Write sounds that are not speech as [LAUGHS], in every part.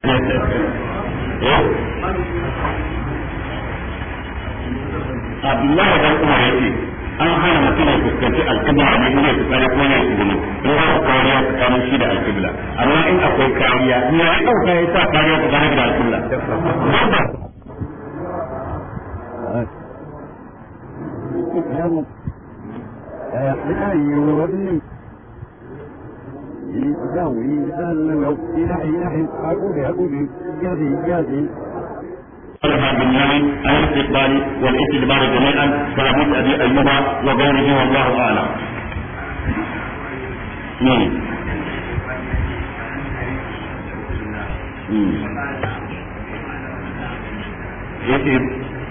Abdullahi dan kuma an hana mutum ya fuskanci alƙibla amma in zai fitsari ko ya shi gudu in ba kariya tsakanin shi da alƙibla amma in akwai kariya in ya ɗauka ya sa kariya tsakanin da alƙibla. طلب بالنوي الاستقبال والاستدبار جميعا فلابد ابي ايوب وغيره والله اعلم. نعم.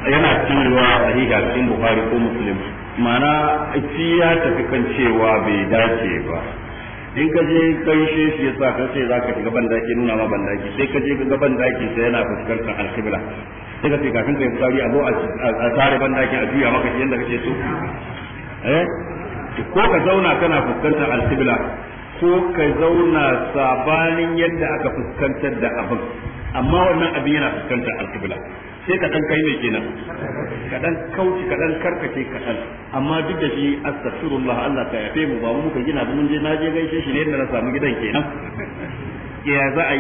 yana cikin ruwa sahiha cikin buhari ko muslim mana shi ya tafi kan cewa bai dace ba in ka je kai shi shi yasa ka ce za ka shiga bandaki nuna ma bandaki sai ka je ga bandaki sai yana fuskantar alkibla sai ka ce kafin ka yi fitsari a zo a tare bandaki a juya maka yadda kake so eh ko ka zauna kana fuskantar alkibla ko ka zauna sabanin yadda aka fuskantar da abin amma wannan abin yana fuskantar alkibla sai ka dan kai ne kenan ka dan kauci ka dan karkace ka dan amma duk da shi astaghfirullah Allah ta yafe mu ba mu muka gina mun je na je gaishe shi ne na samu gidan kenan ya za a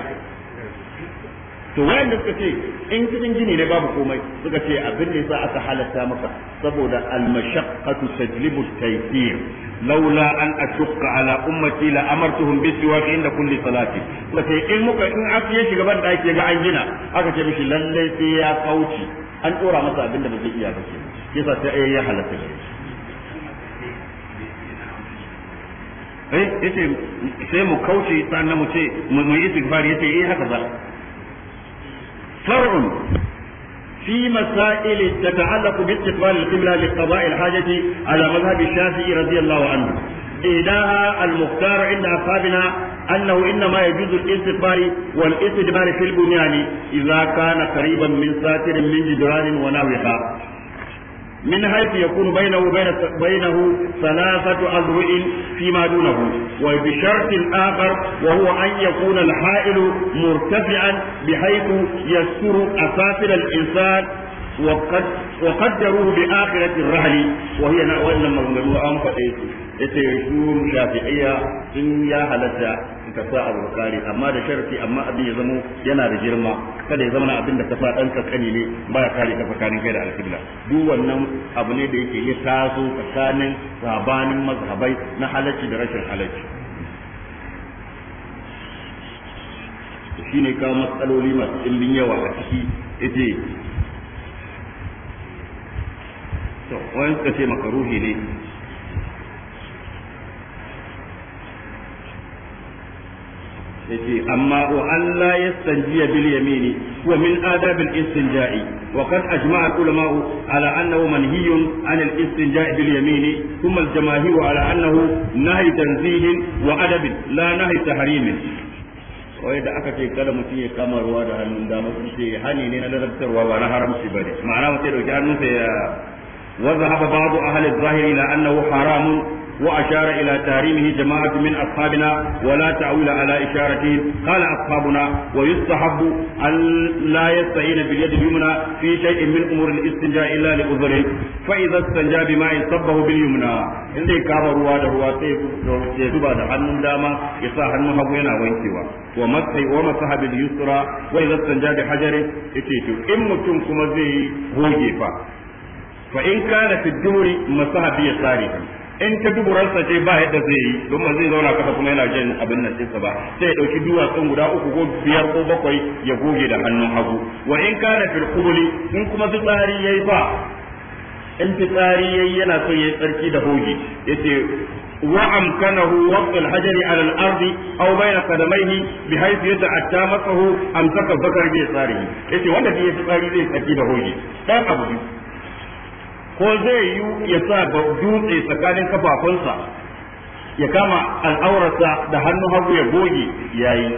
to wayanda suka ce in cikin gini ne babu komai suka ce abin da yasa aka halatta maka saboda al-mashaqqatu tajlibu at-taysir laula an ashqa ala ummati la amartuhum bi siwak inda kulli salati suka ce in muka in aka yi shiga ban daki ga an gina aka ce mishi lalle sai ya kauci an dora masa abin da bai iya ba ce yasa sai ya halatta shi eh yace sai mu kauce sannan mu ce mu yi istighfar yace eh haka za فرع في مسائل تتعلق باستقبال القبلة لقضاء الحاجة على مذهب الشافعي رضي الله عنه إذا المختار عند أصحابنا أنه إنما يجوز الاستقبال والاستدبار في البنيان إذا كان قريبا من ساتر من جدران ونوحة من حيث يكون بينه وبين بينه ثلاثة أذرع فيما دونه وبشرط آخر وهو أن يكون الحائل مرتفعا بحيث يستر أسافل الإنسان وقد وقدروه بآخرة الرحل وهي وإنما هم أنفسهم يتيجون إيه؟ إيه شافعية إن يا هلتا ka sa abu kare amma da sharti amma abin ya zamo yana da girma kada ya zama abin da ka sa dan kankani ne ba ya kare ka tsakanin kai da alƙibla duk wannan abu ne da yake ya taso tsakanin sabanin mazhabai na halacci da rashin halacci ne kawo matsaloli masu ɗimbin yawa a ciki ita to wani suka makaruhi ne amma Allah ya bil yamini wa يجي أما وأن لا يستنجي باليمين ومن آداب الاستنجاء وقد أجمع العلماء على أنه منهي عن الاستنجاء باليمين ثم ala annahu أنه نهي wa adab la نهي تحريم wai da aka ce kada mutum ya kama ruwa da hannun dama sun ce hani ne na larabtarwa ba na haramci ba ne ma'ana mutum ya dauki hannunsa ya wanda haka babu ahalin zahiri na annahu haramun وأشار إلى تاريمه جماعة من أصحابنا ولا تعول على إشارته قال أصحابنا ويستحب أن لا يستعين باليد اليمنى في شيء من أمور الاستنجاء إلا لعذر فإذا استنجى بماء صبه باليمنى إذا كاب روا دروا سيزبا دحن داما يصاح المهوينا وينكوا ومسح باليسرى وإذا استنجى بحجر إتيتو إن متم كما زي هوجي fa in kana fi duri masahabi ya tsari in ta duburarsa ce ba yadda zai yi domin zai zauna kasa kuma yana jin abin nan sinsa ba sai ya ɗauki duwatsun guda uku ko biyar ko bakwai ya goge da hannun hagu wa in kana firkuli in kuma fitsari ya yi ba in fitsari ya yi yana so ya yi tsarki da goge ya ce wa amkanahu waqtul hajari ala al-ardi aw bayna qadamayhi bi haythu yata'atta masahu amsaka bakar bi sarihi yace wanda bai fitsari zai tsarki da goge dan abu ko zai yi ya sa dutse tsakanin kafafunsa ya kama al'aurarsa da hannu hagu ya goge ya yi,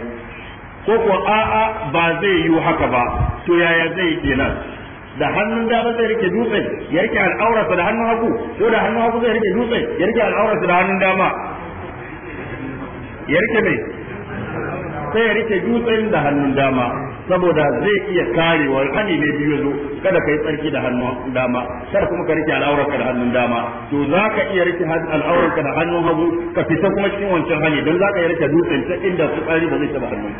ko kuwa a'a ba zai yi haka ba to yaya zai yi kenan da hannun dama zai rike dutse ya rike al'aurarsa da hannun hagu ko da hannun hagu zai rike dutse ya rike al'aurarsa da hannun dama ya rike mai sai ya rike dutsen da hannun dama saboda zai iya karewa hani ne biyu zo kada kai tsarki da hannun dama kada kuma ka rike al'aurarka da hannun dama to za ka iya rike al'aurarka da hannun hagu ka fita kuma cikin wancan hani don za ka iya rike dutsen ta inda su tsari ba zai taba hannun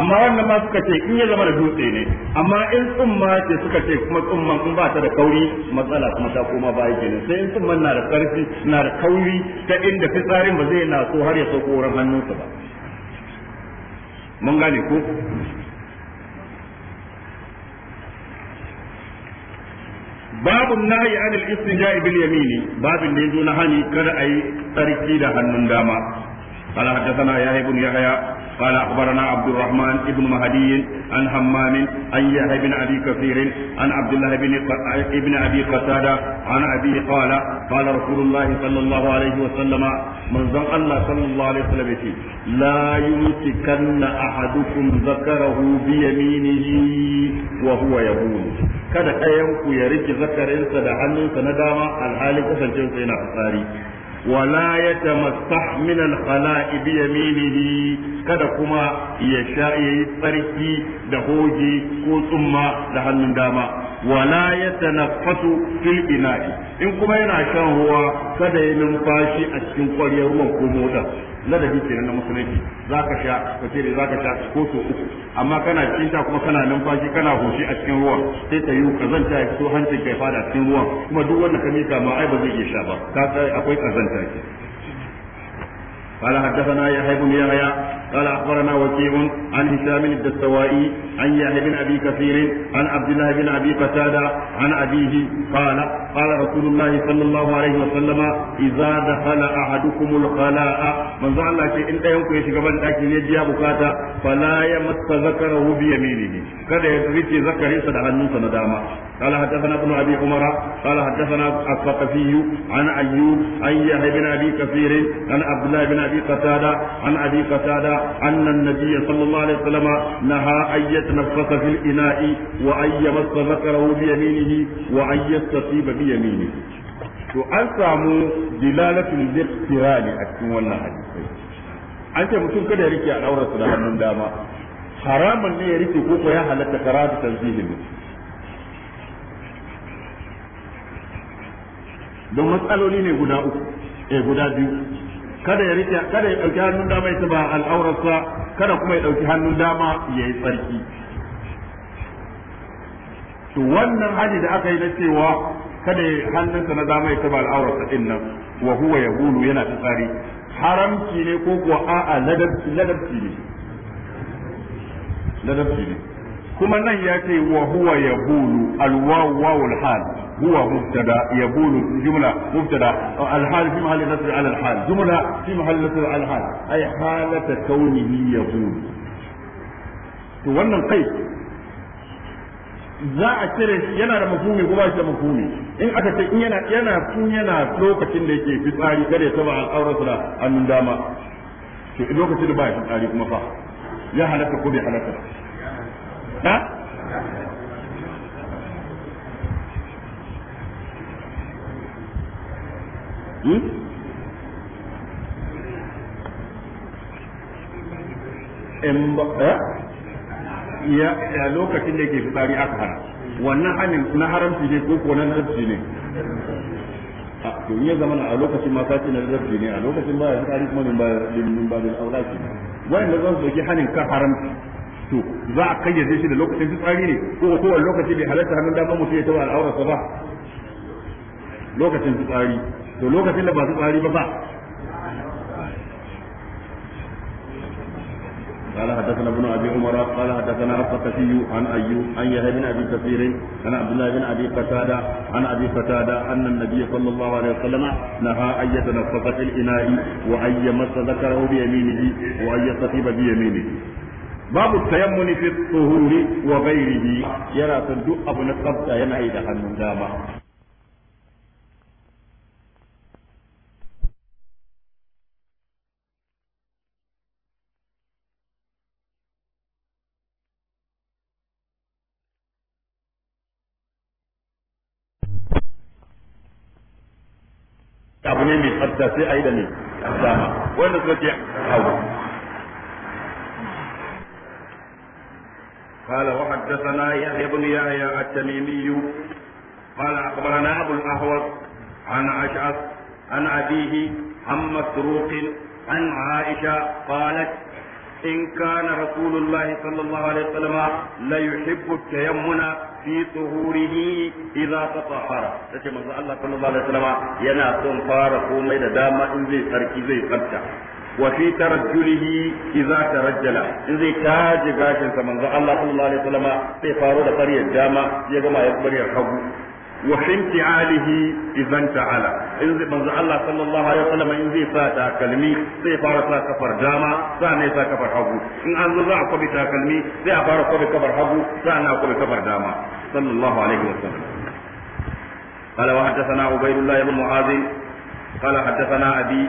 amma wannan ma suka ce in ya zama da dutse ne amma in tsumma ce suka ce kuma tsumman in ba ta da kauri matsala kuma ta koma baya kenan sai in tsumman na da karfi na da kauri ta inda fitsarin ba zai na so har ya sauko wurin hannunsa ba mun gane ko babu nahyi anil istinja'i bil yamini babin da yazo na hani kada ayi tsarki da hannun dama قال حدثنا يحيى بن يحيى قال اخبرنا عبد الرحمن بن مهدي عن همام عن يحيى بن ابي كثير عن عبد الله بن ابن ابي قتاده عن ابي قال قال رسول الله صلى الله عليه وسلم من زم الله صلى الله عليه وسلم لا يمسكن احدكم ذكره بيمينه وهو يقول kada ɗayan ku ya rike zakarinsa da hannunsa na dama alhalin kasancewarsa yana fitsari ولا يتمسح من الخلاء بيمينه kada kuma ya sha yayi tsarki da hoji ko tsumma da hannun dama wala na fil ina'i in kuma yana shan ruwa kada ya numfashi a cikin ƙwaryar ruwan ko motar ladabi kenan na musulunci zaka sha ka zaka sha ko so uku amma kana cikin sha kuma kana numfashi kana hoshi a cikin ruwa sai ta yi kazanta ya fito hancin kai fada cikin ruwan kuma duk wanda ka mika ma ai ba zai iya sha ba ka akwai kazanta قال حدثنا يحيى بن يحيى قال اخبرنا وكيع عن هشام الدستوائي عن يحيى بن ابي كثير عن عبد الله بن ابي قتاده عن ابيه قال قال رسول الله صلى الله عليه وسلم اذا دخل احدكم الخلاء من ظن الله ان دايكم يشيغ بان داكي ne biya bukata fala yamassa zakarahu bi yaminihi kada ya rike zakarinsa da hannunsa na dama قال حدثنا ابن ابي عمر قال حدثنا الثقفي عن ايوب عن يحيى بن ابي كثير عن عبد الله بن أبي قتادة عن أبي قتادة أن النبي صلى الله عليه وسلم نهى أن يتنفس في الإناء وأن يمس ذكره بيمينه وأن يستطيب بيمينه to an samu dilalatul liqtirani a cikin wannan hadisi an ce mutum kada ya rike al'aurarsa da hannun dama haramun ne ya rike ko ya halatta karatu tanzihin don matsaloli ne guda uku eh guda biyu kada ya rike kada ya dauki hannun dama ya tuba al'aurarsa kada kuma ya dauki hannun dama ya yi tsarki to wannan haji da aka yi na cewa kada ya hannunsa na dama ya tuba al'aurarsa din nan wa huwa gulu yana tsari haramci ne ko kuwa a'a ladabci ne ladabci ne kuma nan ya ce wa huwa ya yabulu alwawu wawul hal هو مبتدا يقول جمله مبتدا الحال في محل نصب على الحال جمله في محل نصب على الحال اي حاله ya يقول to wannan kai za a cire yana da mafumi ko ba shi da mafumi in aka ce in yana yana tun yana lokacin da yake fitsari kada ya taba al'aurarsa da annun dama to lokacin da ba ya fitsari kuma fa ya halatta ko bai halatta na hmm? ya lokacin da yake fitsari aka hana wannan hannun na haramci ne ko ko na nazarci ne a to ya zama a lokacin ma kace na nazarci ne a lokacin ba ya fitsari kuma ne ba min ba da aulaki wanda zan soke hannun ka haramci to za a kayyade shi da lokacin fitsari ne ko kowane lokaci bai halatta hannun dama mutum ya taba al'aurarsa ba lokacin fitsari to lokacin da ba fitsari ba ba قال حدثنا ابن ابي عمر قال حدثنا الثقفي عن ايوب عن يحيى بن ابي كثير عن عبد الله بن ابي قتاده عن ابي قتاده ان النبي صلى الله عليه وسلم نهى ان يتنفق في الاناء وان يمس ذكره بيمينه وان يستتيب بيمينه babu tayammuni fi tsuhuri wa ghairihi yana ta duk abu na tsafta yana yi da hannun dama abu ne mai tsafta sai a yi da ne dama wanda suka ce hawa قال وحدثنا يحيى بن يحيى التميمي قال اخبرنا ابو الاهوص عن اشعث عن ابيه عن مسروق عن عائشه قالت إن كان رسول الله صلى الله عليه وسلم لا يحب التيمم في طهوره إذا تطهر تتي من الله صلى الله عليه وسلم ينا سن فارقو ميدا داما إن زي سركي زي قبتا wa fi tarajjulihi idza tarajjala in zai taji gashin sa manzo Allah sallallahu alaihi wasallam sai faro da fariyar dama ya gama ya fariyar hagu wa finti'alihi idan ta'ala in zai manzo Allah sallallahu alaihi wasallam in zai sa takalmi sai fara sa kafar dama sannan sa kafar hagu in an zo za a kwabi takalmi sai a fara kwabi kafar hagu a kwabi dama sallallahu alaihi wasallam قال وحدثنا عبيد الله بن معاذ قال حدثنا أبي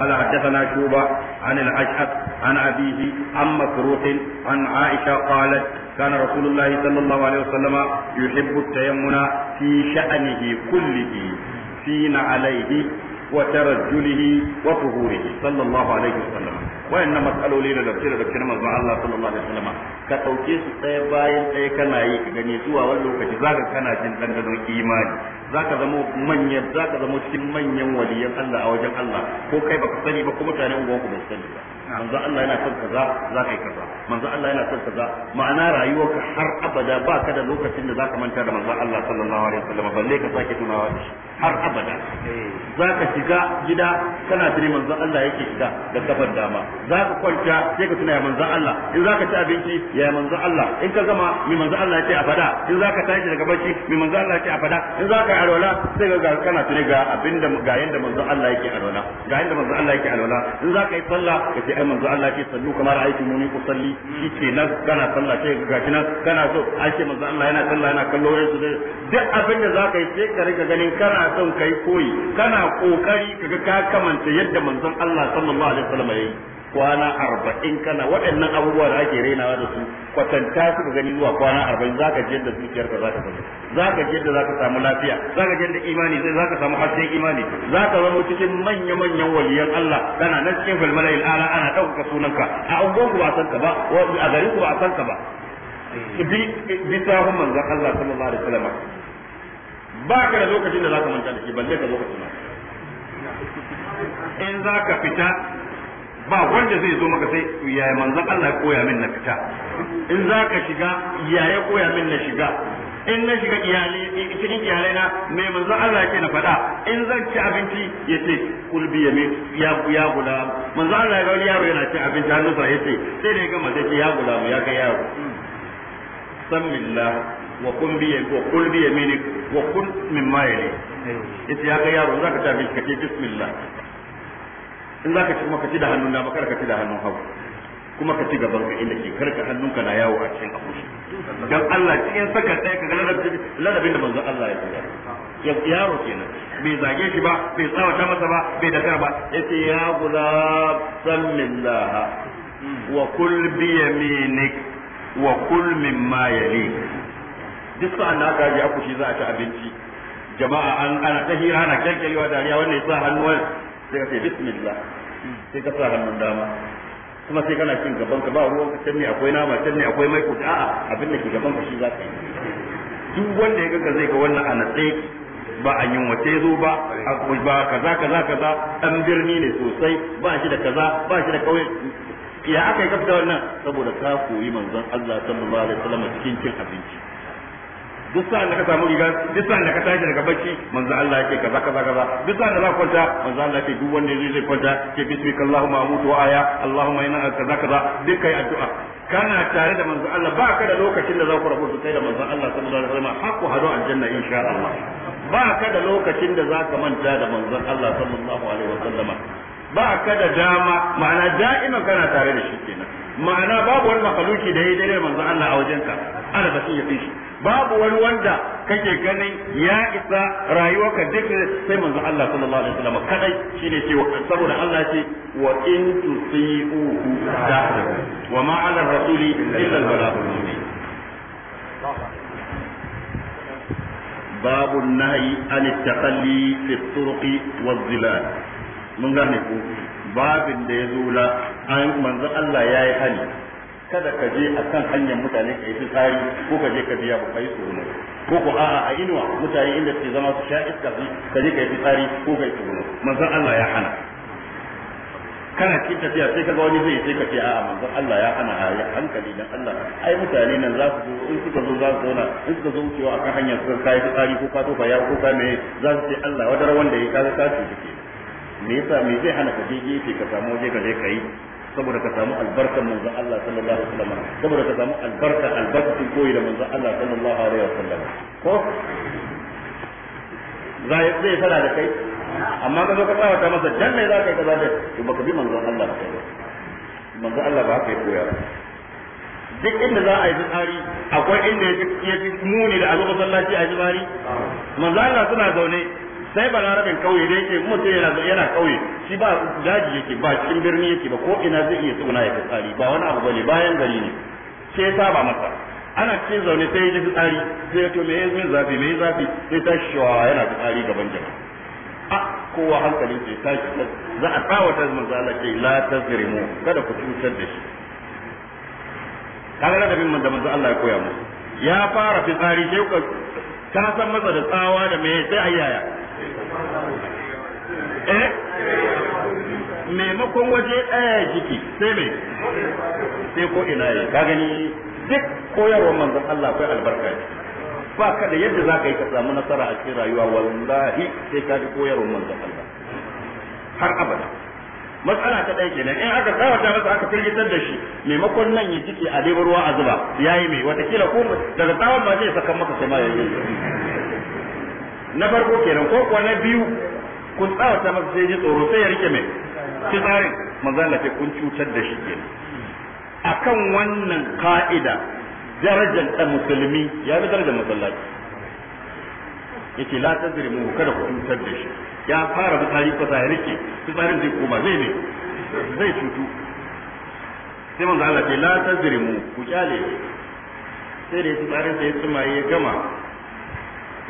قال حدثنا شوبة عن الأشعث عن أبيه عن مسروق عن عائشة قالت كان رسول الله صلى الله عليه وسلم يحب التيمم في شأنه كله فين عليه وترجله وطهوره صلى الله عليه وسلم وإن مسألة ليلة دكتور دكتور مزمع الله صلى الله عليه وسلم كتوكيس تيباين تيكنا يكدني سوى ولو كجزاك كان جنسان إيماني za ka zama manyan za ka zama cikin manyan waliyan Allah a wajen Allah ko kai baka sani ba ko mutane uwan ku bai sani ba manzo Allah yana son kaza za ka yi kaza manzo Allah yana son kaza ma'ana rayuwarka har abada ba ka da lokacin da za ka manta da manzo Allah sallallahu alaihi wasallam balle ka sake tunawa da shi har abada za ka shiga gida kana tuni manzon Allah yake shiga da kafar dama za ka kwanta sai ka tuna ya manzon Allah in za ka ci abinci ya manzon Allah in ka gama mai manzon Allah yake a fada in za ka tashi daga bacci mai manzon Allah yake a fada in za ka yi alwala sai ga kana tuni ga abinda ga yanda manzon Allah yake alwala ga yanda manzon Allah yake alwala in za ka yi sallah ka ce ai manzon Allah yake sallu kamar aiki muni ku salli shi nan kana sallah sai ga shi nan kana so ai ce manzon Allah yana sallah yana kallo wani su duk abinda za ka yi sai ka riga ganin kana kana son kai koyi kana kokari kaga ka kamanta yadda manzon Allah sallallahu alaihi wasallam yayi kwana arba'in kana waɗannan abubuwa da ake rainawa da su kwatanta su ka gani zuwa kwana arba'in za ka yadda zuciyarka za ka zama za ka yadda za ka samu lafiya za ka yadda imani sai za ka samu hasken imani za ka zama cikin manya-manyan waliyan Allah kana nan cikin falmala ala ana ɗaukaka sunanka a unguwar ku ba a san ka ba a gari ku ba a san ka ba bi bi sahun manzon Allah sallallahu alaihi wasallam ba ka da lokacin da zaka manta da shi balle ka zo ka tuna in zaka fita ba wanda zai zo maka sai yaya manzon Allah ya koya min na fita in zaka shiga yaya koya min na shiga in na shiga iyalai cikin iyalai na me manzo Allah yake na faɗa in zan ci abinci yace kulbi ya ya ya gula manzo Allah ya ga yaro yana ci abinci hannunsa yace sai da ya gama sai ya guda ya ga yaro san billah wa kun biye wa kul biye mini wa kun mimma yali yace ya ga yaro zaka tafi ka ce bismillah in zaka ci maka ci da hannun na baka ka ci da hannun hagu kuma ka ci gaban ka inda ke kar ka hannunka na yawo a cikin abushi dan Allah cikin saka sai ka ga ladabin da manzon Allah ya yi yaro kenan bai zage shi ba bai ta masa ba bai da ba yace ya gula sallallahu wa kul bi yaminik wa kul mimma yalik duk sa'an na aka ya kushi za a ci abinci jama'a an ana ta hira ana kyalkyalewa dariya wanda ya sa hannuwan sai ka ce bismillah sai ka sa hannun dama kuma sai kana cin gaban ka ba ruwan ka can ne akwai nama can ne akwai mai kuɗi a'a abin da ke gaban ka shi za ka yi duk wanda ya ga zai ga wannan a tsaye ba a wace zo ba ba kaza kaza kaza dan birni ne sosai ba shi da kaza ba shi da kauye ya aka yi kafta wannan saboda ka koyi manzon Allah sallallahu alaihi wasallam cikin cin abinci duk sa'an da ka samu riga duk sa'an da ka tashi daga bacci manzo Allah yake kaza kaza kaza duk sa'an da za kwanta manzo Allah yake duk wanda zai kwanta ke bismika Allahumma amutu wa aya Allahumma inna kaza kaza duk kai addu'a kana tare da manzo Allah ba ka da lokacin da za ku rabu kai da manzo Allah sallallahu alaihi wasallam hakku hado aljanna insha Allah ba ka da lokacin da za ka manta da manzo Allah sallallahu alaihi wasallam ba ka da dama ma'ana da'iman kana tare da shi kenan ma'ana babu wani makaluki da ya dare manzo Allah a wajenka ana da shi ya fi shi babu wani wanda kake ganin ya isa rayuwarka duk sai manzo Allah sallallahu alaihi wasallam kadai shine cewa saboda Allah ce wa in tusiuhu ta'lamu wa ma 'ala rasuli illa al-balagh باب النهي عن التخلي في الطرق والظلال من غير babin da ya zo la an manzo Allah ya yi hali kada ka je a kan hanyar mutane ka yi tsari ko ka je ka biya ba ka yi tsoro ko ko a'a a inuwa mutane inda ke zama su sha iska su ka je ka yi fitsari ko ka yi tsoro manzon Allah ya hana kana cikin tafiya sai ka wani zai sai ka ce a manzon Allah ya hana a hankali dan Allah ai mutane nan za su zo in suka zo za su zauna in suka zo wucewa akan hanyar su ka yi fitsari ko ka tofa ya ko ka me za su ce Allah wadar wanda ya kaga ka ce me yasa me zai hana ka je gefe ka samu waje ka je ka yi saboda ka samu albarkar manzon Allah sallallahu alaihi wasallam saboda ka samu albarka albarkacin koyi da manzon Allah sallallahu alaihi wasallam ko zai zai fara da kai amma ka zo ka tsawata masa dan me zaka yi kaza da to baka bi manzon Allah ba manzon Allah ba ka yi koya duk inda za a yi tsari akwai inda ya fi muni da abu masallaci a yi tsari manzon Allah suna zaune sai balarabin kauye da yake mutum yana yana kauye shi ba daji yake ba cikin birni yake ba ko ina zai iya tsuna ya fitsari ba wani abu bane bayan gari ne sai ya saba masa ana cikin zaune sai ya ji fitsari sai ya to me yayin zafi me zafi sai ta shawa yana fitsari gaban jama'a a kowa hankalin sai tashi za a tsawata manzo Allah ce la tazrimu kada ku cutar da shi kaga da bin da manzo Allah ya koya mu ya fara fitsari sai ka san masa da tsawa da me sai ayyaya eh maimakon waje ɗaya jiki sai mai sai ko ina yi ka gani duk koyarwar manzon Allah kai albarka ba ka da yadda za ka yi ka samu nasara a cikin rayuwa wallahi sai ka ji koyarwar manzon Allah har abada matsala ta ɗaya kenan in aka tsawata masa aka firgitar da shi maimakon nan ya jike a ɗebo ruwa a zuba yayi mai watakila ko daga tsawon ba zai saka maka sai ma yayi na farko kenan ko kuwa na biyu tsawa tsawata masa sai ji tsoro sai ya rike mai fitsarin manzo Allah ce kun cutar da shi kenan akan wannan ka'ida darajar da musulmi ya bi darajar masallaci yake la mu kada ku cutar da shi ya fara fitsari ko sai rike tsarin zai koma zai ne zai cutu sai manzo Allah ce la mu ku kyale sai da tsarin sai ya tsuma ya gama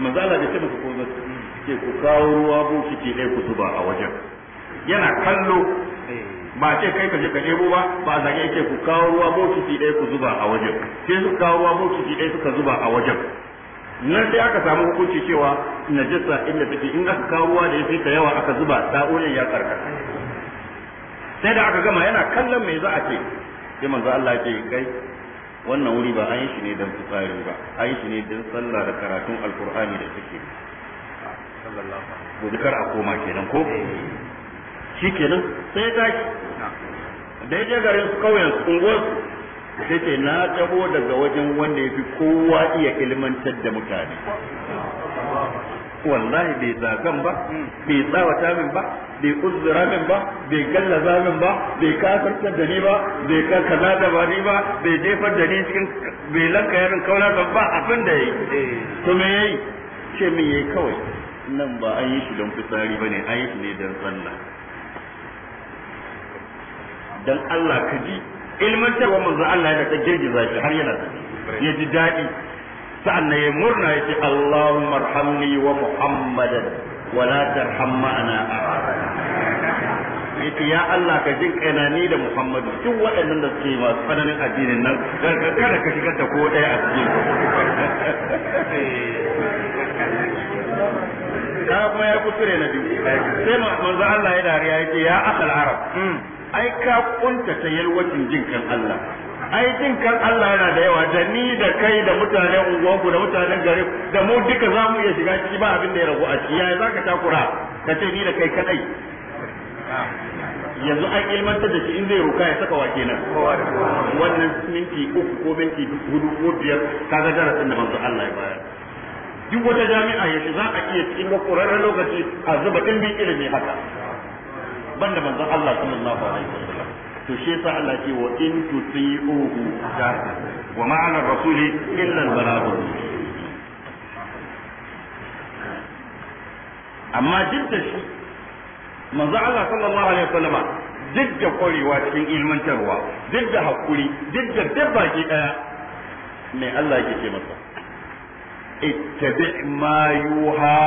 manzo da bai ce masa ko ce ku kawo ruwa kike dai ku zuba a wajen yana kallo ba ce kai ka je ka debo ba ba zage yake ku kawo ruwa kike dai ku zuba a wajen sai su kawo ruwa kike dai suka zuba a wajen nan sai aka samu hukunci cewa najasa inda take in aka kawo ruwa da ya ta yawa aka zuba sa'o'in ya karkata sai da aka gama yana kallon me za a ce sai manzo Allah ya ce kai wannan wuri ba an yi shi ne don fitsari ba an yi shi ne don sallah da karatun alkur'ani da suke gobe kar a koma kenan ko shi kenan sai ya tashi da ya je garin kauyen unguwar sai ce na taho daga wajen wanda ya fi kowa iya ilmantar da mutane wallahi bai zagan ba bai tsawata min ba bai uzura min ba bai gallaza min ba bai kafirta da ni ba bai kaza da ba ni ba bai jefar da ni cikin bai lankaya min kaula ba ba abin da yayi eh. to me yayi ce min yayi kawai nan ba an yi shi don fitsari ba ne an yi shi ne don sallah dan Allah ka ji ilmantarwa manzo Allah ya ta girgiza shi har yana ya ji daɗi sa'an ya murna ya ce Allahumma arhamni wa Muhammadan wala la tarham ma'ana yace ya Allah ka jin kaina ni da Muhammadu duk waɗannan da suke masu tsananin addinin nan kada ka shigar da ko ɗaya a cikin [LAUGHS] ka kuma ya kuskure na biyu sai manzo Allah ya dariya yace ya akal arab ai ka kunta ta yalwacin jin kan Allah ai jin kan Allah yana da yawa da ni da kai da mutanen unguwanku da mutanen gari da mu duka za mu iya shiga ciki ba abin da ya ragu a ciki yaya zaka takura ka ce ni da kai kadai yanzu an ilmantar da shi in zai roka ya saka wa kenan wannan minti uku ko minti hudu ko biyar kaga darasin da manzo Allah ya bayar duk wata jami'a yaushe za a iya cikin ƙwararren lokaci a zuba bin ilimi haka banda manzo Allah sallallahu alaihi wasallam to shi yasa Allah ce wa in wa ma'ana rasuli illa al-balagh amma duk shi manzo Allah sallallahu alaihi wasallam duk da kwarewa cikin ilmantarwa duk da hakuri duk da dabba ki daya masa ma yuha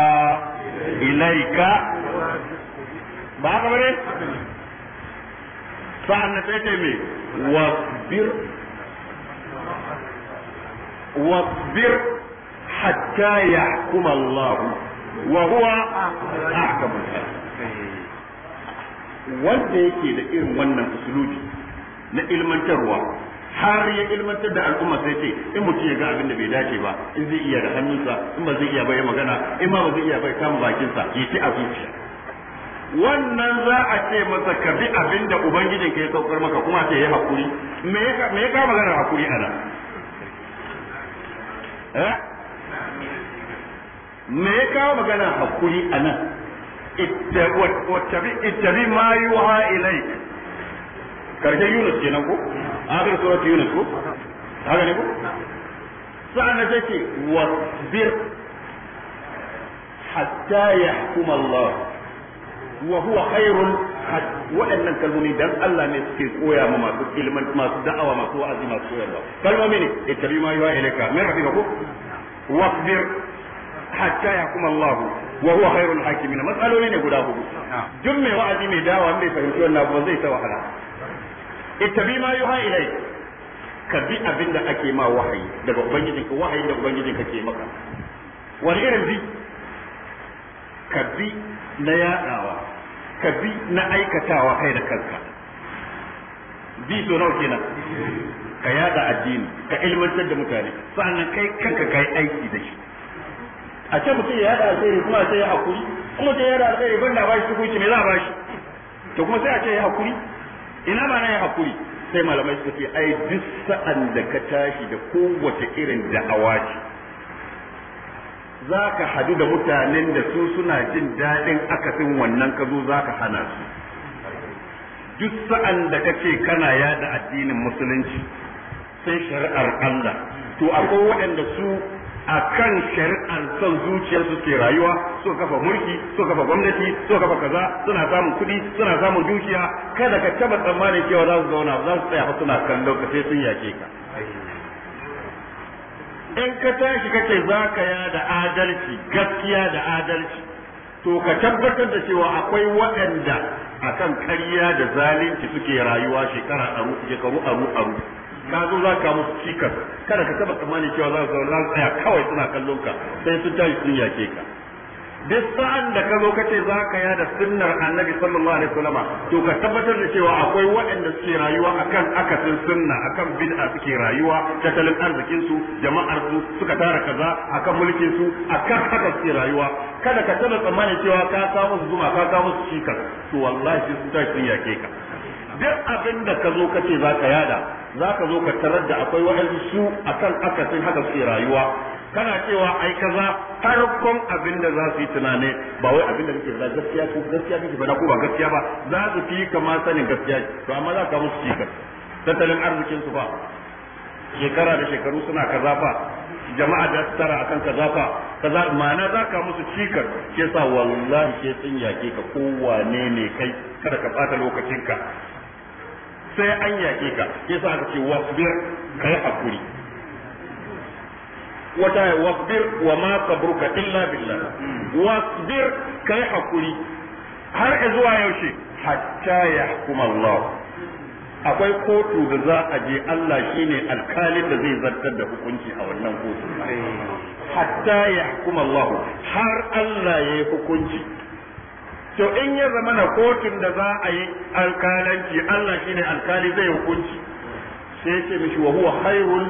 ilaika ba ka sa'an na sai ce me wasbir wasbir hatta yahkum Allah wa huwa ahkamu wanda yake da irin wannan usuluji na ilmantarwa har ya ilmantar da al'umma sai ce in mutum ya ga abin da bai dace ba in zai iya da hannunsa in ba zai iya bai magana in ma ba zai iya bai kama bakinsa ya ci a zuciya wannan za a ce masa ka bi abin da ubangijin ka ya saukar maka kuma ce ya hakuri me ya ka magana hakuri ana me ya kawo magana hakuri a nan eh? ittabi ma wa ilai karshen yunus kenan ko akhir surat yunus ko haka ne ko sa'an da take wasbir hatta ya kuma Allah wa huwa khairul waɗannan kalmomi dan Allah ne suke koya ma masu ilman masu da'awa masu wa'azi masu koyarwa kalmomi ne ittabi ma yuha ilayka min rabbika ko wasbir hatta yakum Allah wa huwa khairul hakimin masaloli ne guda hudu duk mai wa'azi mai da'awa mai fahimci wannan ba zai ta wahala ittabi ma yuha ilayka ka bi abin da ake ma wahayi daga ubangijinka wahayin da ubangijinka ke maka wani irin bi ka bi na yaɗawa ka bi na aikatawa kai da kanka bi so nawa kenan ka yada addini ka ilmantar da mutane sannan kai kanka kai aiki da shi a ce mutum ya yada alheri kuma sai ya hakuri kuma sai ya yada alheri ban da bashi hukunci me za a bashi to kuma sai a ce ya hakuri ina ma na ya hakuri sai malamai suka ce ai duk sa'an da ka tashi da kowace irin da'awa ce za ka hadu da mutanen da su suna jin daɗin akasin wannan ka zo za ka hana su duk sa'an da ce kana yada addinin musulunci sai shari'ar Allah to akwai waɗanda su a kan shari'ar son zuciyar su ke rayuwa so kafa mulki so kafa gwamnati so kafa kaza suna samun kuɗi suna samun dukiya kada ka taɓa tsammanin cewa za su zauna za su tsaya suna kallo ka sai sun yake ka in ka tashi kake ya da adalci gaskiya da adalci to ka tabbatar da cewa akwai waɗanda akan karya da zalunci suke rayuwa shekara aru shekaru aru ka zo za ka musu cikas kada ka taba tsammani cewa za su tsaya kawai suna kallon ka sai sun tashi sun yake ka duk sa'an da ka zo ka ce za ka yada sunnar annabi sallallahu alaihi wasallam to ka tabbatar da cewa akwai waɗanda suke rayuwa akan akasin sunna akan bid'a suke rayuwa tattalin arzikin su jama'ar su suka tara kaza akan mulkin su akan haka suke rayuwa kada ka taba tsammani cewa ka samu zuma ka samu cikar to wallahi sun ta yake ka duk abin da ka zo kace za ka yada za ka zo ka tarar da akwai wa'ansu su akan akasin haka suke rayuwa kana cewa ai kaza farkon abin da za su yi tunani ba wai abin da kake da gaskiya ko gaskiya kake faɗa ko ba gaskiya ba za su fi kama sanin gaskiya to amma za ka musu cikar tattalin arzikin su ba shekara da shekaru suna kaza fa jama'a da tara akan kaza fa kaza ma'ana za ka musu cikar ke sa wallahi ke sun yake ka kowane ne kai kada ka bata lokacinka sai an yake ka ke sa ka ce wasbir kai hakuri wata wasbir wa ma sabruka illa billah wasbir kai hakuri har zuwa yaushe hatta ya hukuma Allah akwai kotu da za a je Allah shine alkalin da zai zartar da hukunci a wannan kotu hatta ya hukuma Allah har Allah ya yi hukunci to in ya zama na kotun da za a yi alkalanci Allah shine alkali zai hukunci sai ce mishi wa huwa khairul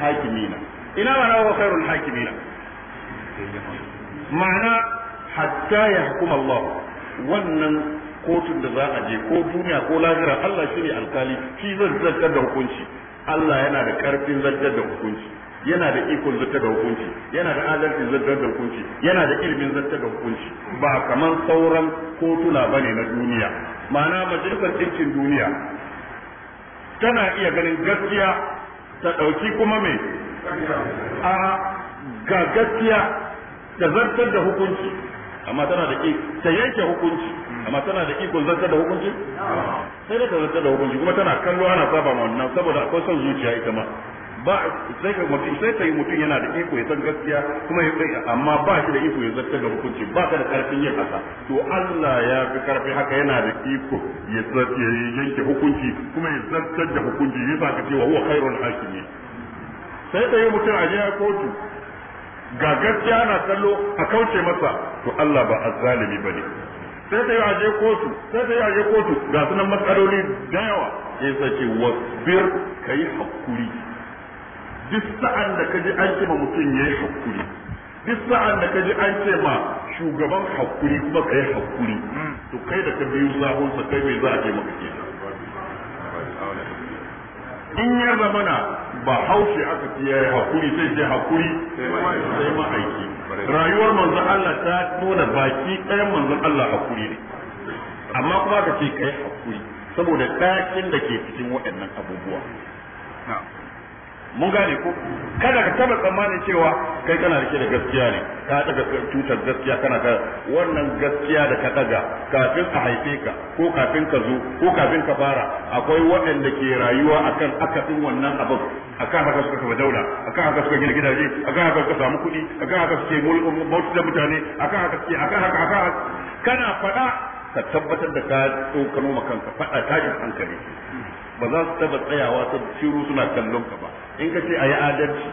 hakimina ina ma rawa khairul hakimin ma'ana hatta hukuma Allah wannan kotun da za a je ko duniya ko lahira Allah shine alkali shi zai zartar da hukunci Allah yana da karfin zartar da hukunci yana da ikon zartar da hukunci yana da adalci zartar da hukunci yana da ilimin zartar da hukunci ba kamar sauran kotuna bane na duniya ma'ana majalisar ɗinkin duniya tana iya ganin gaskiya ta ɗauki kuma mai a ga gaskiya da zartar da hukunci amma tana da ta yanke hukunci amma tana da ikon zartar da hukunci sai da ta zartar da hukunci kuma tana kallo ana saba ma wannan saboda akwai son zuciya ita ma ba sai ka mutum sai ka yi mutum yana da iko ya san gaskiya kuma ya amma ba shi da iko ya zartar da hukunci ba ka da karfin yin haka to Allah ya fi karfi haka yana da iko ya yanke hukunci kuma ya zartar da hukunci yasa ka ce wa huwa khairul hakimi sai ɗaya mutum a jiya kotu ga gaskiya na kallo a kauce masa to Allah ba azzalimi ba ne sai ta yi aje kotu sai ta yi aje kotu ga sunan matsaloli da yawa ya yi ce wasbir ka yi hakuri duk sa'an da ka ji an ce ma mutum ya yi hakuri duk sa'an da ka ji an ce ma shugaban hakuri kuma ka yi hakuri to kai da ka biyu zahunsa kai mai za a ke maka kenan in ya zamana ba haushi aka ce yayi hakuri sai ce hakuri sai ma aiki rayuwar manzon Allah ta tona baki ɗayan manzon Allah hakuri ne amma kuma ka ce kai hakuri saboda ɗakin da ke cikin waɗannan abubuwa mun gane ko taba tsammanin cewa kai kana rike da gaskiya ne ka daga cutar gaskiya kana ka wannan gaskiya da ka daga kafin a haife ka ko kafin ka zo ko kafin ka fara akwai waɗanda ke rayuwa akan akasin wannan abu akan haka suka kafa daula akan haka suka gina gidaje akan haka suka samu kuɗi akan haka suke mulkin da mutane akan haka suke akan haka akan kana faɗa ka tabbatar da ka tsokano makanka faɗa tashin hankali ba za su taba tsayawa ta shiru suna kallon ka ba in ka ce a yi adalci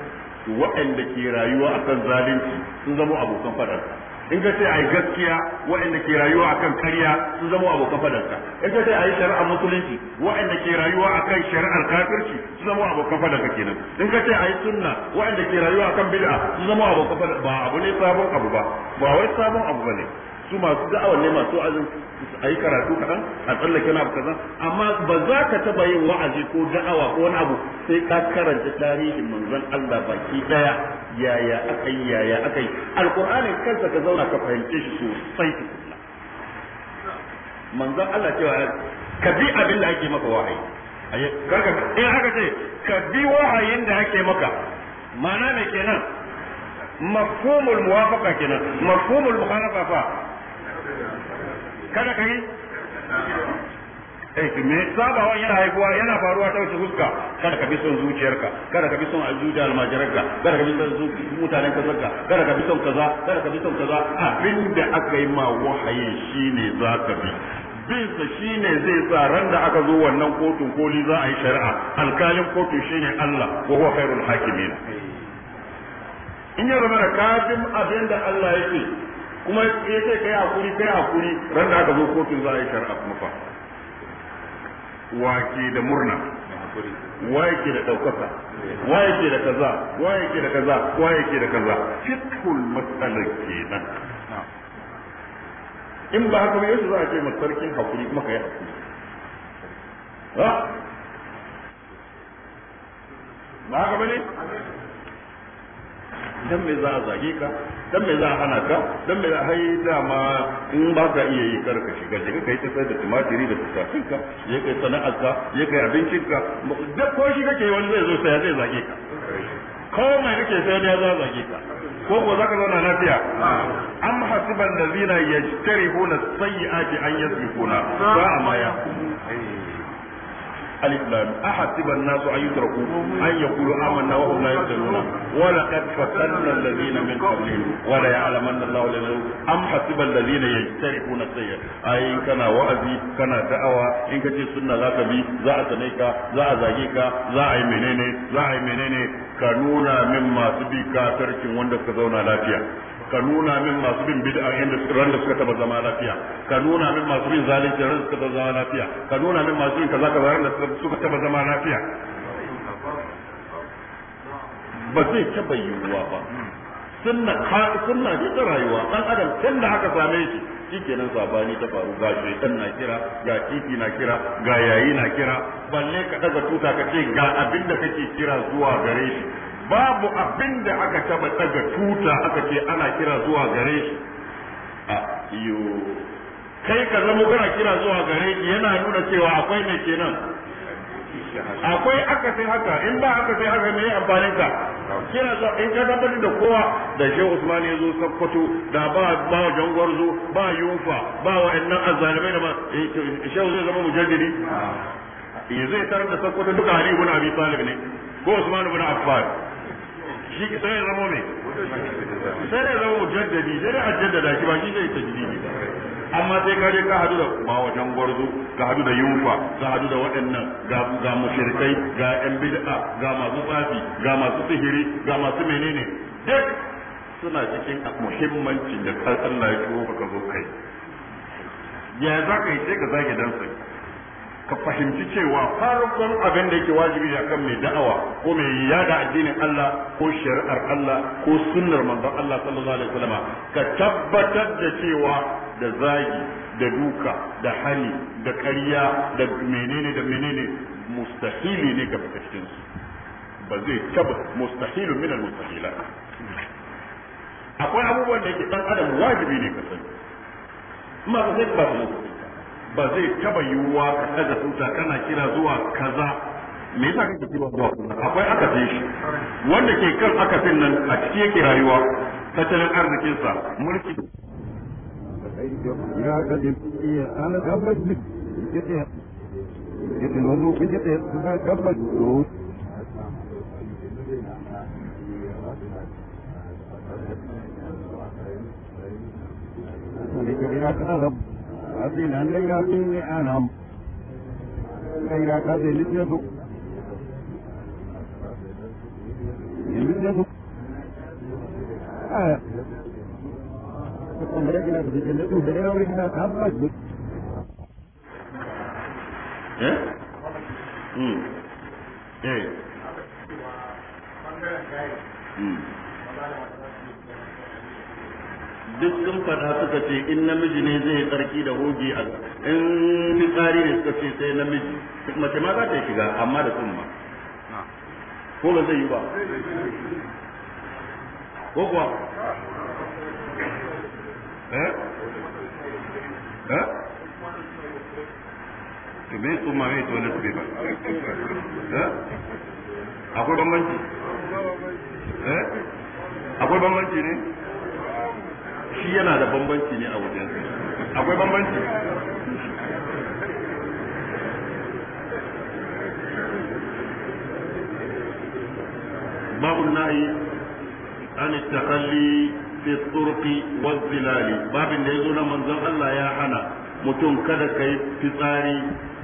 to waɗanda ke rayuwa akan zalunci sun zama abokan fadarka in ka ce a yi gaskiya waɗanda ke rayuwa akan karya sun zama abokan fadarka in ka ce a yi shari'ar musulunci waɗanda ke rayuwa akan shari'ar kafirci sun zama abokan fadarka kenan in ka ce a yi sunna waɗanda ke rayuwa akan bid'a sun zama abokan fadarka ba abu ne sabon abu ba ba wai sabon abu ba ne. su masu da'awar ne masu azin a yi karatu kaɗan a tsallake na kaza amma ba za ka taɓa yin wa'azi ko da'awa ko wani abu sai ka karanta tarihin manzon Allah baki ɗaya yaya aka yi yaya aka yi alƙur'anin kansa ka zauna ka fahimce shi sosai tukunna manzon Allah cewa ka bi abin da ake maka wahayi in haka ce ka bi wahayin da ake maka ma'ana me kenan mafhumul muwafaqa kenan mafhumul mukhalafa fa kada ka yi aiki eh, me sabawan yana haifuwa yana faruwa ta wuce huska kada ka bi son zuciyarka kada ka bi son aljuja almajiranka kada ka bi son mutanen zaka kada ka bi son kaza kada ka bi son kaza abin da aka yi ma wahayi shine za ka bi binsa shine zai sa ran da aka zo wannan kotun koli za a yi shari'a alkalin kotu shine Allah wa huwa khairul hakimin in ya zama kafin abin da Allah yake kuma ya ce kai hakuri kai hakuri ran da aka zo kotun za a yi shari'a kuma fa wake da murna wake ke da daukaka wake da kaza wake da kaza wake da kaza fitul mas'alar kenan in ba haka ba yau za a ce masarkin hakuri kuma kai hakuri ba ba haka bane dan me za a zage ka dan me za a hana ka dan me za a hai dama in ba ka iya yi kar ka shiga je kai tsai da tumatiri da tsakin ka je kai sana'ar ka je kai abincin ka da ko shi kake wani zai zo sai zai zage ka ko mai kake sai ya za zage ka ko ko zaka zauna lafiya am hasiban allazina yajtarihuna sayyi'ati an yasbiquna ba ma ya alif lam ahasiba an-nasu an yutraku an yaqulu amanna wa hum la yuftanun wa laqad fatanna alladhina min qablihim wa la ya'lamanna Allahu alladhina am hasiba alladhina yajtarihuna sayyi'at ai kana wa'azi kana da'awa in kace sunna za ka bi za a sane ka za a zage ka za a yi menene za a yi menene ka nuna min masu bi kafircin wanda ka zauna lafiya ka nuna min masu bin bid'a inda ran da suka taba zama lafiya ka nuna min masu bin zalunci ran da suka taba zama lafiya ka nuna min masu bin kaza kaza ran da suka taba zama lafiya ba zai taba yiwuwa ba sunna ka sunna ji ta rayuwa dan adam tun da haka same shi shikenan sabani ta faru ga shaitan na kira ga kifi na kira ga yayi na kira balle ka daga tuta ka ce ga abin da kake kira zuwa gare shi babu abin da aka taba daga tuta aka ce ana kira zuwa gare shi a yo kai ka zama kana kira zuwa gare shi yana nuna cewa akwai mai kenan akwai aka sai haka in ba aka sai haka me amfanin ka kira zuwa in ka tabbatar da kowa da shi Usman ya zo Sakkwato, da ba ba zo ba yufa ba wa'annan azalimai da ba eh, shi zai zama mujaddidi ya zai tarar da Sakkwato duka Ali ibn Abi Talib ne ko Usman ibn Affan shi ka sai zama mai sai da zama mujaddadi sai da ajaddada ki ba shi zai tajribi amma sai ka je ka hadu da ba wajen gwarzo ka hadu da yunfa ka hadu da waɗannan ga ga mushrikai ga ƴan bid'a ga masu tsafi ga masu sihiri ga masu menene duk suna cikin muhimmancin da Allah ya ciwo ka zo kai ya za ka yi sai ka zage dan sai ka fahimci cewa farkon abin da yake wajibi a kan mai da'awa ko mai yada addinin Allah ko shari'ar Allah ko sunnar manzon Allah sallallahu alaihi wasallam ka tabbatar da cewa da zagi da duka da hali da ƙarya da menene da menene mustahili ne ga cikin su ba zai taba mustahilu min al mustahila akwai abubuwan da yake dan adam wajibi ne ka sani amma ba zai ba ba zai taba yiwuwa ka kada tuta kana kira zuwa kaza me yasa kake kira zuwa kaza akwai je shi wanda ke kan akasin nan a cikin yake rayuwa tattalin sa mulki Thank you. أذنة أنام غير قبل النفق النفق آه رجلك بجلده بلا وجهها تهبط ايه؟ امم ايه امم duk sun faɗa suka ce in namiji ne zai tsarki da hoji a in misali ne suka ce sai namiji mace ma za ta shiga amma da ma ko ba zai yi ba ko kuwa eh eh to me tsumma me to ne su ba eh akwai bambanci eh akwai bambanci ne shi yana da bambanci ne a wajensa akwai bambanci babun na'i an takalli fi tsurfi wa zilali babin da ya zo na manzon Allah ya hana mutum kada kai fitsari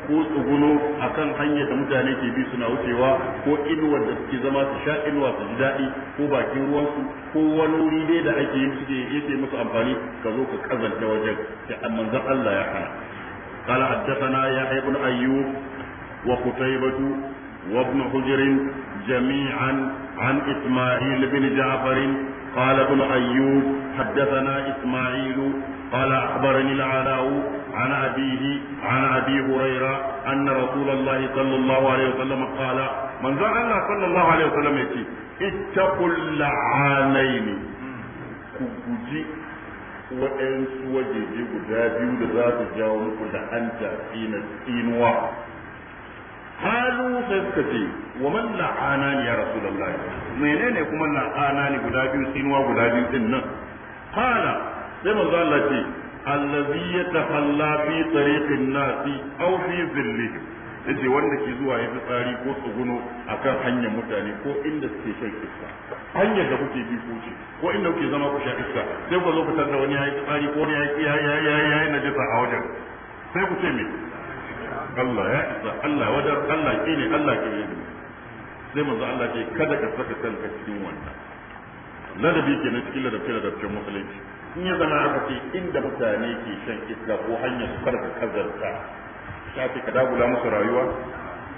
ko tsuguno kan hanyar da mutane ke bi suna wucewa ko inuwar da suke zama su sha inuwa su ji daɗi ko bakin ruwansu ko wani wuri dai da ake yi suke yake musu amfani ka zo ka kazanta wajen da zan Allah ya hana قال حدثنا يحيى بن أيوب وقتيبة وابن حجر جميعا عن isma'il بن جعفر قال ابن أيوب حدثنا إسماعيل قال أخبرني العلاء عن أبيه عن أبي هريرة أن رسول الله صلى الله عليه وسلم قال من زعل الله صلى الله عليه وسلم يتي اتقوا اللعانين كبجي وإنس wajeje guda biyu da لأنت su jawo halu sai suka ce wa man la'ana ya rasulullahi menene kuma la'ana ne guda biyu sinuwa guda biyu din nan qala sai manzo Allah ce allazi yatahalla fi tariqin nasi aw fi zillihim yace wanda ke zuwa ya tsari ko tsuguno akan hanyar mutane ko inda suke shan iska hanyar da kuke bi kuce ko inda kuke zama ku sha iska sai ku zo ku da wani yayi tsari ko ya yayi yayi jisa a wajen sai ku ce me Allah ya isa Allah wajen Allah ke ne. Allah ke ne. sai manzo Allah ce kada ka saka kanka cikin wannan ladabi ke na cikin da ladabcen musulunci in ya zama haka sai inda mutane ke shan iska ko hanyar su karka kazarta ta ce ka dagula musu rayuwa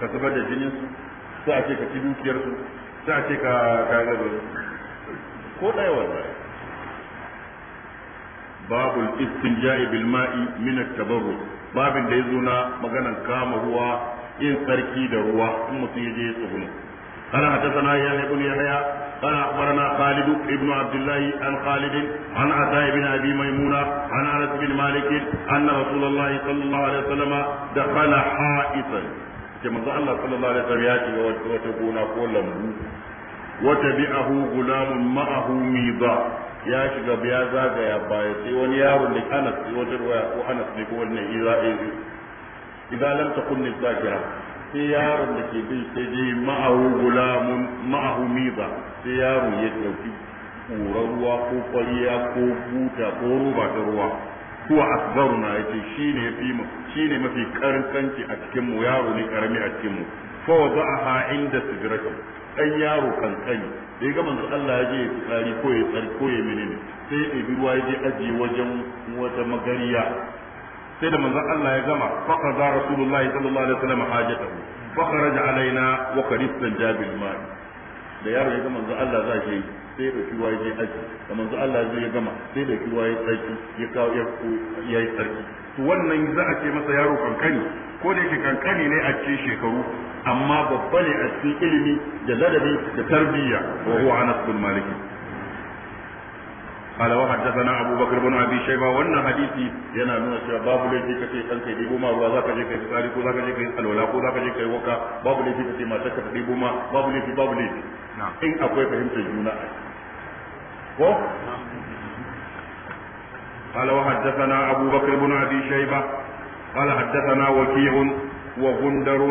ka zubar da jinin su sa a ce ka ci dukiyar su sa a ce ka su ko ɗaya wanda babul istinja'i ja'i Bilma'i, min tabarru babin da yazo na maganan kama ruwa yin sarki da ruwa in mutum ya je ya tsugunu قال حدثنا يحيى بن يحيى قال اخبرنا خالد بن عبد الله عن خالد عن عطاء بن ابي ميمونه عن انس بن مالك ان رسول الله صلى الله عليه وسلم دخل حائطا كما الله صلى الله عليه وسلم ياتي وتكون قولا وتبعه غلام معه ميضا ya shiga ya zagaya baya sai wani yaron da anas wata ruwaya ko anas ne ko wannan idan lam takun zakira sai yaron da ke bin sai dai ma'ahu gulamun ma'ahu miza sai yaro ya dauki ƙurar ruwa ko kwariya ko buta ko roba ta ruwa kuwa asgaruna ya ce shi ne mu shi mafi karkanci a cikinmu yaro ne karami a cikin mu fa waza da inda sigratin dan yaro kan da ya ga manzo Allah ya je ya tsari ko ya tsari ko ya menene sai ya bi ruwa ya je aje wajen wata magariya sai da manzon Allah ya gama fa qaza rasulullah sallallahu alaihi wasallam hajatahu fa raja alaina wa qarifna jabil ma'i da yaro ya ga manzon Allah za shi sai da kiwa ya je aji da manzon Allah zai ya gama sai da kiwa ya tsaki ya kawo ya yi tsarki to wannan za a ce masa yaro kankani ko da yake kankani ne a cikin shekaru amma babba ne a cikin ilimi da ladabi da tarbiyya wa huwa anas bin maliki قال وحدثنا ابو بكر بن ابي شيبه وان حديثي yana nuna cewa babu laifi kace kan kai dibo ma ruwa zaka je kai tsari ko zaka je kai alwala ko zaka je kai waka babu laifi kace matar ka dibo ma babu laifi babu laifi in akwai fahimtar juna ko قال وحدثنا أبو بكر بن أبي شيبة قال حدثنا وكيع وغندر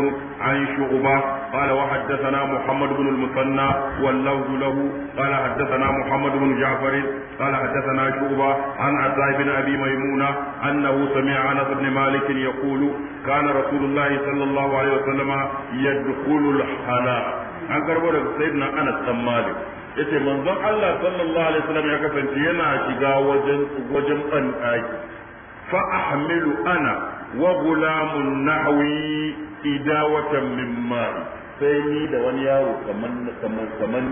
عن شعبة قال وحدثنا محمد بن المثنى واللوز له قال حدثنا محمد بن جعفر قال حدثنا شعبة عن عطاء بن أبي ميمونة أنه سمع أنس بن مالك يقول كان رسول الله صلى الله عليه وسلم يدخل الحلاء an karbo daga sayyidina Anas dan Malik yace manzon Allah sallallahu alaihi wasallam ya kasance yana shiga wajen wajen ban fa ahmilu ana wa gulamun nahwi idawatan min ma'i sai ni da wani yaro kaman kaman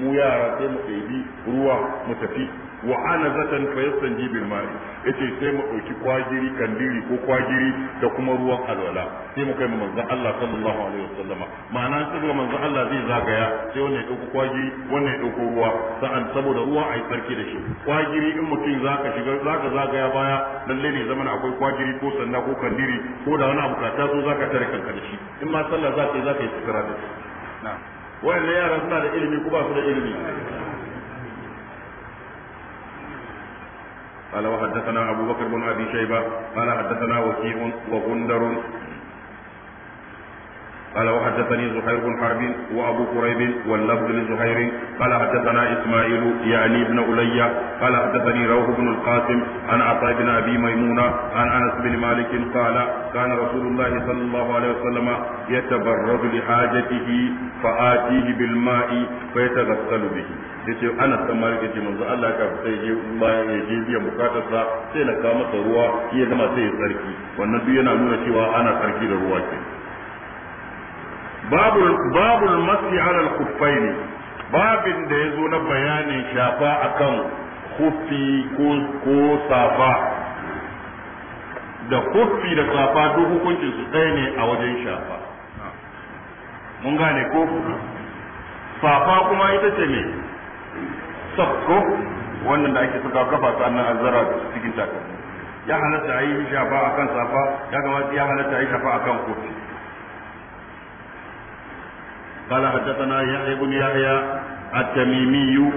mu yara sai mu ɗebi ruwa mu tafi wa ana zatan fa yastanji bil ma'i yace sai mu dauki kwagiri kandiri ko kwagiri da kuma ruwan alwala sai mu kai manzo Allah sallallahu alaihi wasallama ma'ana sai manzo Allah zai zagaya sai wannan ya ɗauko kwagiri wannan ya ɗauko ruwa sa'an saboda ruwa ai sarki da shi kwagiri in mutum zaka shiga zaka zagaya baya lalle ne zaman akwai kwagiri ko sanna ko kandiri ko da wani abu ka zo zaka tare kanka da shi in ma sallah zaka yi zaka yi tsira da shi na'am wayannan yara suna da ilimi ko ba su da ilimi قال وحدثنا أبو بكر بن أبي شيبة قال حدثنا وكيع وغندر قال وحدثني زهير بن حرب وابو قريب واللفظ لزهير قال حدثنا اسماعيل يعني بن علي قال حدثني روح بن القاسم عن عطاء بن ابي ميمونه عن انس بن مالك قال كان رسول الله صلى الله عليه وسلم يتبرد لحاجته فآتيه بالماء فيتغسل به yace ana san malik yace manzo Allah ka sai je bayan ya je biya bukatarsa sai na kawo masa ruwa ya zama sai ya tsarki wannan duk yana nuna cewa ana tsarki da ruwa ke babul babu masi ala al-khuffaini babin da yazo na bayanin shafa akan kufi ko safa da kufi da safa duk hukuncin su ɗaya ne a wajen shafa mun gane ko safa kuma ita ce ne sabko wannan da ake saka kafa ta nan azara cikin takalmi ya halatta a yi shafa akan safa ya kamata ya halatta a yi shafa akan kofi قال حدثنا يحيى بن يحيى التميمي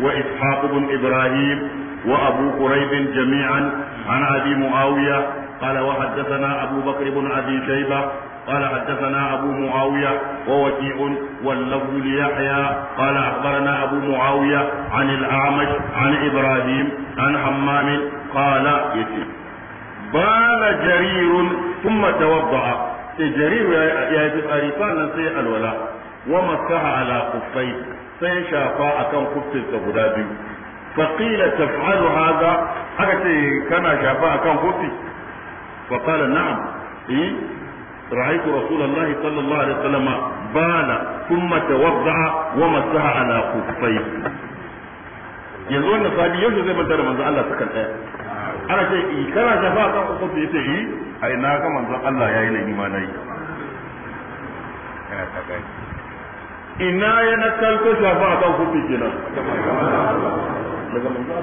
وإسحاق بن إبراهيم وأبو قريب جميعا عن أبي معاوية قال وحدثنا أبو بكر بن أبي شيبة قال حدثنا أبو معاوية ووكيع واللفظ ليحيى قال أخبرنا أبو معاوية عن الأعمش عن إبراهيم عن حمام قال يتي بال جرير ثم توضأ جرير يا يا أريفان الولاء wa masaha ala kuffai sai shafa a kan kuffinsa guda biyu faqila taf'alu haza aka ce kana shafa a kan kuffi fa qala na'am eh رأيت رسول الله صلى الله عليه وسلم بال ثم توضع ومسح ala خفيه yanzu wannan sabi yau zai manta da manzon Allah sakan ɗaya ana ce i eh, kana shafa a kan kuffi? yace i eh, ai na ga manzon Allah yayi na imani yana ta gani ina ya na kalko shafa a kan kuɗi kenan daga manzo Allah ya sallama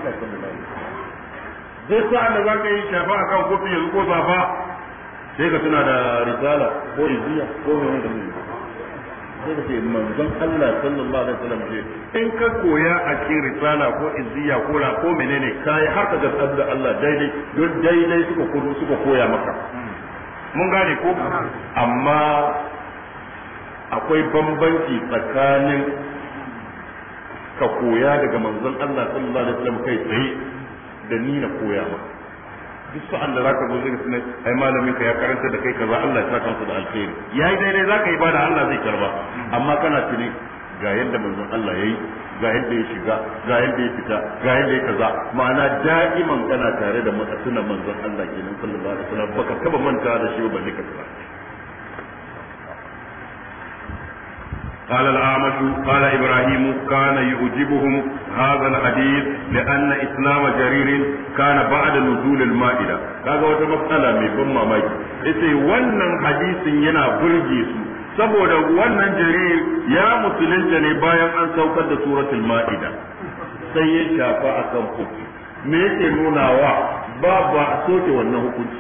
duk sa'an da zaka yi shafa a kan kuɗi yanzu ko safa sai ka tuna da risala ko iziya ko wani da sai ka ce manzon Allah sallallahu alaihi wasallam ce in ka koya a cikin risala ko izziya ko la ko menene kai har ka ga da Allah daidai don daidai suka kudu suka koya maka mun gane ko amma akwai bambanci tsakanin ka koya daga manzon Allah sallallahu alaihi wasallam kai tsaye da ni na koya ma duk sa'an da zaka zo zai sanar ai malamin ka ya karanta da kai kaza Allah ya saka su da alheri yayi daidai zaka yi bada Allah zai karba amma kana tuni ga yadda manzon Allah yayi ga yadda ya shiga ga yadda ya fita ga yadda ya kaza ma'ana da'iman kana tare da matsatunan manzon Allah kenan sallallahu alaihi wasallam baka taba manta da shi ba ne ka tsara Ahmadu, قال الأعمش قال إبراهيم كان يعجبهم هذا الحديث لأن إسلام جرير كان بعد نزول المائدة هذا وجه مسألة من بما ماي wannan hadisin yana burge su saboda wannan jarir ya musulunta ne bayan an saukar da suratun ma'ida sai ya shafa akan kuku me yake nunawa ba ba a soke wannan hukunci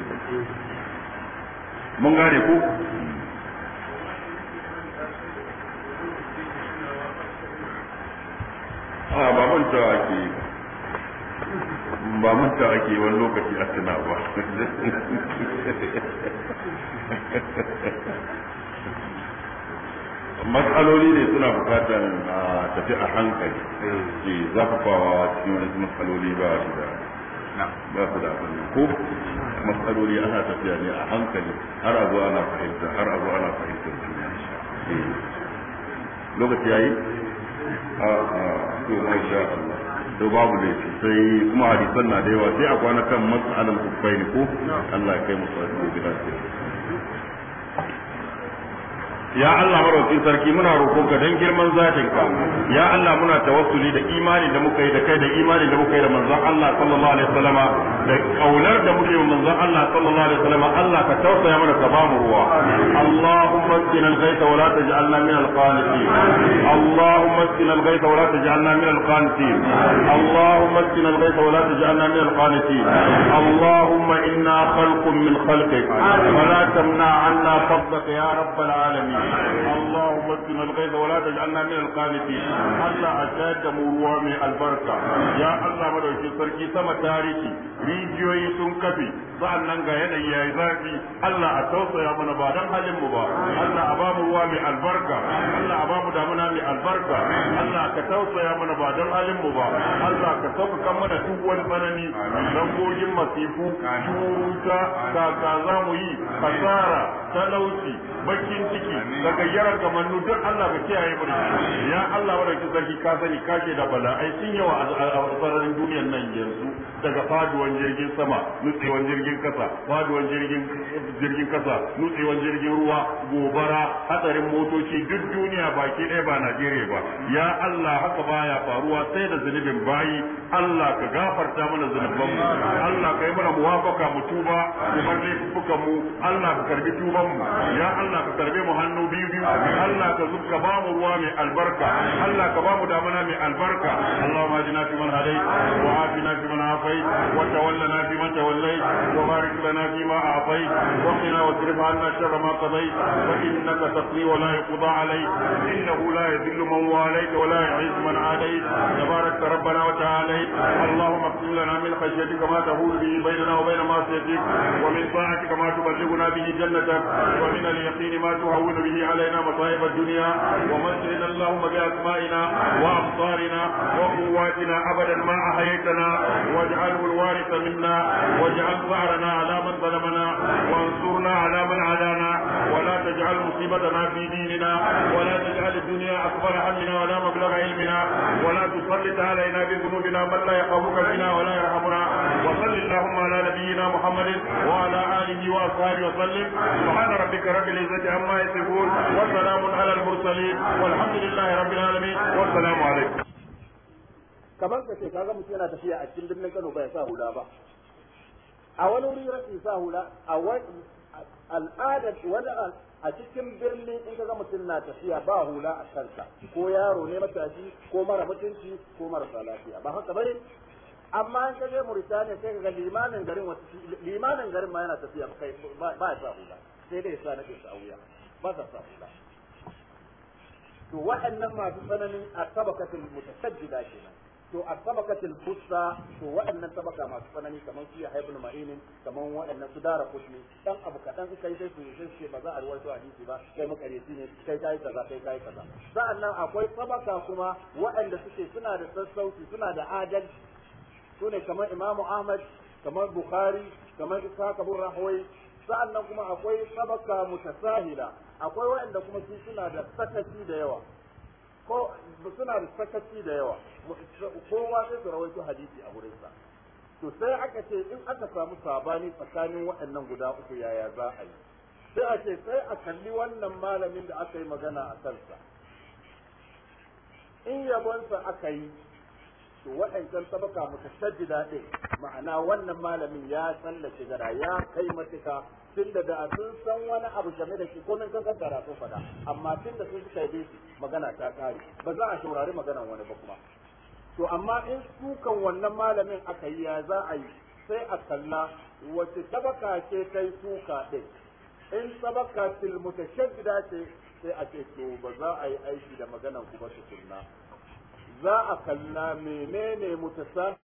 mun gane ko a ba manta ake ba manta ake wani lokaci a tuna ba matsaloli ne suna bukatar a tafi a hankali ke zafafawa cikin wani matsaloli ba su da ba su da abin ko matsaloli ana tafiya ne a hankali har abu ana fahimta har abu ana fahimta eh. lokaci yi. to Allah babu da sai yawa sai a kwana kan mas'alan kufai ko Allah ya kai sarki muna roƙonka don girman zatin ya Allah muna tawassuli da imani da muka yi da kai da imani da muka yi da manzon Allah sallallahu alaihi wasallama da kaunar da muke wa manzon Allah sallallahu alaihi wasallam Allah ka tausaya mana ka bamu ruwa Allahumma qina al-ghaytha wa la taj'alna min al-qanitin Allahumma qina al-ghaytha wa la taj'alna min al-qanitin Allahumma qina al-ghaytha wa la taj'alna min al-qanitin Allahumma inna khalqun min khalqik wa la tamna 'anna fadlaka ya rabb al-alamin Allahumma qina al-ghaytha wa la taj'alna min al-qanitin Allah ajadda mu ruwa mai albarka ya Allah madauki sarki sama tarihi rijiyoyi sun kafe nan ga yanayi yayi zafi Allah a tausaya mana ba dan halin mu ba Allah a ba mu ruwa mai albarka Allah a ba mu damuna mai albarka Allah ka tausaya mana ba dan halin mu ba Allah ka sauƙaƙa mana duk wani tsanani gogin masifu cuta kaka za mu yi kasara talauci bakin ciki daga yaran gamannu duk Allah ka kiyaye mu ya Allah wadda ki sarki ka sani kake da bala'ai sun yawa a sararin duniyar nan yanzu daga faduwan jirgin sama nutsewan jirgin kasa faduwan jirgin jirgin kasa nutsewan jirgin ruwa gobara hatsarin motoci duk duniya baki ɗaya ba Najeriya ba ya Allah haka baya faruwa sai da zunubin bayi Allah ka gafarta mana zunuban mu Allah ka yi mana muwafaka mu tuba mu bar laifukan mu Allah ka karbi tuban mu ya Allah ka karbe mu hannu biyu biyu ka ba mu ruwa mai albarka Allah ka ba mu damana mai albarka Allahumma ajina fi man hadait wa afina fi man afait wa tawallana fi man tawallait wa barik lana fi ma afait wa qina wasrif anna sharra ma qadait fa innaka taqdi wa la yuqda alayk innahu la yadhillu man walayt wa la yu'izzu man adayt tabarak rabbana wa ta'ala Allahumma qim lana min khashyatik ma tahulu bihi bainana wa bain ma'siyatik wa min ta'atik ma tuballighuna bihi jannatak wa min al-yaqin ma tuhawwinu bihi alayna masa'ib ad-dunya الدنيا ومتعنا اللهم بأسمائنا وأبصارنا وقواتنا أبدا ما أحييتنا واجعله الوارث منا واجعل ظهرنا على من ظلمنا وانصرنا على من عادانا ولا تجعل مصيبتنا في ديننا ولا تجعل الدنيا أكبر همنا ولا مبلغ علمنا ولا تسلط علينا بذنوبنا من لا يخافك فينا ولا يرحمنا وصل اللهم على نبينا محمد وعلى اله واصحابه وسلم سبحان ربك رب العزه عما يصفون وسلام على المرسلين والحمد لله رب العالمين والسلام عليكم kamar ka ce kaga mutum yana tafiya a cikin birnin Kano bai sa hula ba a wani wuri sa hula a wani al'ada wani a cikin birni in kaga mutum na tafiya ba hula a kansa ko yaro ne matashi ko mara mutunci ko marasa lafiya ba haka bane amma an kaje Mauritania sai ga limanin garin wasu limanin garin ma yana tafiya kai ba ya sa da sai dai sa nake sa wuya ba za sa da to waɗannan masu tsananin a tabakatul mutasajjida kenan to a tabakatul busta to waɗannan tabaka masu tsanani kamar su ya haibul ma'inin kaman waɗannan su dara kushni dan abu kaɗan su kai sai su sai su ba za a zuwa hadisi ba kai makareci ne kai kai kaza kai kai kaza sa'annan akwai tabaka kuma waɗanda suke suna da sassauci suna da adalci sune kamar imamu Ahmad kamar Bukhari kamar isa bin Rahway sa'annan kuma akwai sabaka mutasahila akwai waɗanda kuma su suna da sakaci da yawa ko suna da sakaci da yawa kowa sai su rawaito hadisi a wurin sa to sai aka ce in aka samu sabani tsakanin waɗannan guda uku yaya za a yi sai a ce sai a kalli wannan malamin da aka yi magana a kansa in yabonsa aka yi to waɗancan sabaka mutashaddida ɗin ma'ana wannan malamin ya tsallake gara ya kai matuka tun da da sun san wani abu game da shi ko nan kan sun fada amma tun da sun suka yi shi magana ta kare ba za a saurari magana wani ba kuma to amma in sukan wannan malamin aka yi ya za a yi sai a kalla wace sabaka ce kai suka ɗin in sabaka tilmuta gida ce sai a ce to ba za a yi aiki da maganan ku ba kunna. za a kalla menene mutasa